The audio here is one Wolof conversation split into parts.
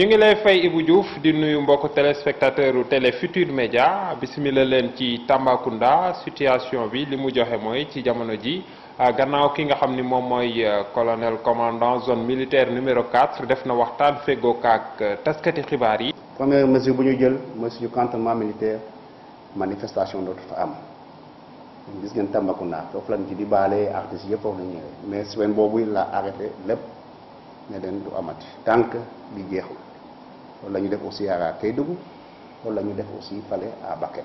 ñu ngi lay fay Ibou Diouf di nuyu mbokk téléspectateur u télé Futur Média bisimila leen ci Tambacounda situation bi limu joxe moy ci jamono ji ah, gannaaw ki nga xamni mom moy euh, colonel commandant zone militaire numéro 4 def na waxtaan fego kak euh, taskati xibaar yi. première mesure bu ñu jël mooy suñu cantonnement militaire manifestation dootu fa am gis ngeen Tambacounda fofu lañ ci di balé artistes yépp foofu la ñëw mais semaine boobu la arrêté lepp ne leen du amati tànk li jeexul wala ñu def aussi Yara Kédougou wala ñu def aussi fale à Bakel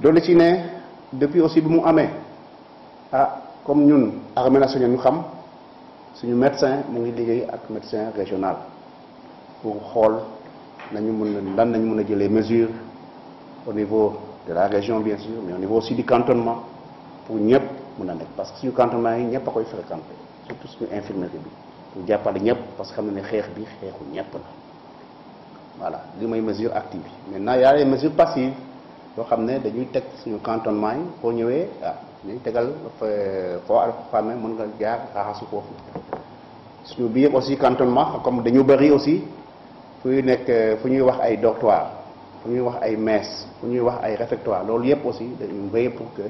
doolu ci ne depuis aussi bi mu amee ah comme ñun armée nationale ñu xam suñu médecin mu ngi liggéey ak médecin régional pour xool nañu mun a lan nañu mun a jëlee mesures au niveau de la région bien sûr mais au niveau aussi du cantonnement pour ñëpp mun a nekk parce que suñu cantonnement yi ñëpp a koy fréquenté surtout suñu infirmerie bi pour jàppale ñëpp parce que xam ne ne xeex bi xeexu ñëpp la voilà li may mesure active yi maintenant y a les mesures passives yoo xam ne dañuy teg suñu cantonnement yi foo ñëwee ah dañuy tegal euh, foo femme mën nga jaar raxasu foofu suñu biir aussi cantonnement comme dañu bëri aussi fu nekk euh, fu ñuy wax ay dortoir fu ñuy wax ay mess fu ñuy wax ay réfectoire loolu yëpp aussi dañu veiller pour que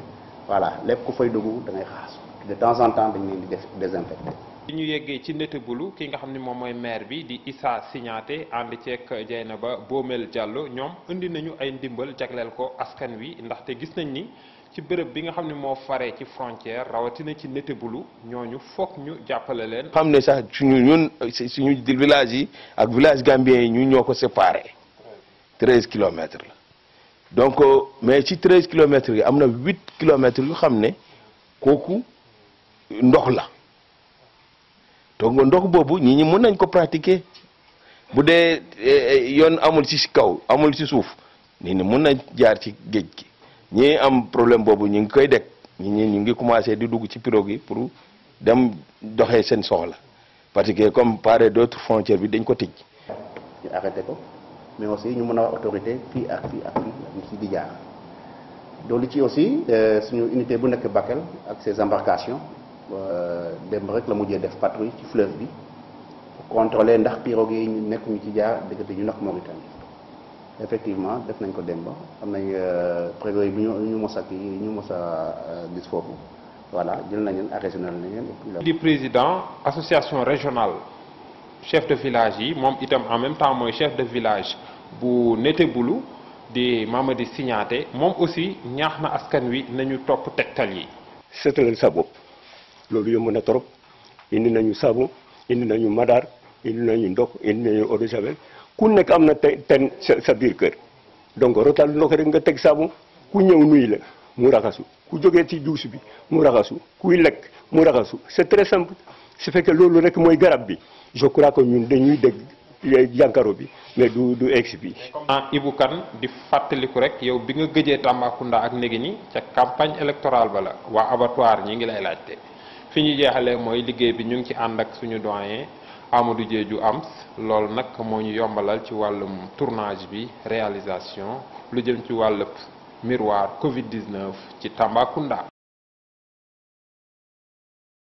voilà lépp ku fay dugg da ngay xaas de temps en temps dañ leen di def désinfecté. bi ñu yeggee ci Neteboulou ki nga xamni ne moy mooy maire bi di Issa Signaté and ci ak Dieynaba Bomel Diallo ñom indi nañu ay ndimbal jagleel ko askan wi ndaxte gis nañ ni ci bërëb bi nga xamni mo faré ci frontière rawati na ci Neteboulou ñooñu fokk ñu jappalé len xam ne sax suñu ñun suñu village yi ak village gambien yi ñu ñoko séparé. 13 km la donc euh, mais ci 13 km yi am 8 km yu xamné koku ndox la donc ndox bobu ñi ñi mën nañ ko pratiquer bu dee eh, eh, yoon amul ci kaw amul ci suuf nit ñi mën nañ jaar ci geej gi ñi am problème bobu ñi ngi koy dekk ñi ñi ñi ngi commencé di dugg ci pirogue pour dem doxé sen soxla parce que comme part d'autres frontières bi dañ ko tej ñu arrêté ko mais aussi ñu mëna autorité fi ak fi ak fii ñu ci di jaar loolu ci aussi euh suñu unité bu nek Bakel ak ses embarcations Euh, démb rek la mujjé def patrouille ci fleuve bi pour contrôler ndax pirogue yi ñu nekk ñu ci jaar diggante ñu nag Mauritanie effectivement def nañ ko démb am nañ euh, prévés yi ñu ñu mos ñu mos a euh, gis foofu voilà jël nañ leen arrêté nañ leen. di président association régionale chef de village yi mom itam en même temps moy chef de village bu nété bulu di Mamadi Signaté mom aussi ñaax na askan wi nañu top tektal yi. seetal leen sa bopp. loolu yomb na trop indi nañu saabu indi nañu madaar indi nañu ndox indi nañu eau de javel ku nekk am na ten sa biir kër donc rotal ndox rek nga teg saabu ku ñëw nuyu la mu raxasu ku jógee ci douche bi mu raxasu kuy lekk mu raxasu c'est très simple su fekkee loolu rek mooy garab bi je crois que ñun dañuy dégg jànkaro bi mais du du ex bi. ah Ibou Kane di fàttaliku rek yow bi nga gëjee Tambacounda ak néegi ñi ca campagne électorale ba la waa abattoir ñi ngi lay laajte. fi ñu jeexalee mooy liggéey bi ñu ngi ci ànd ak suñu doyen Amadou ju Ams loolu nag moo ñu yombalal ci wàllum tournage bi réalisation lu jëm ci wàllub miroir Covid 19 ci Tambacounda.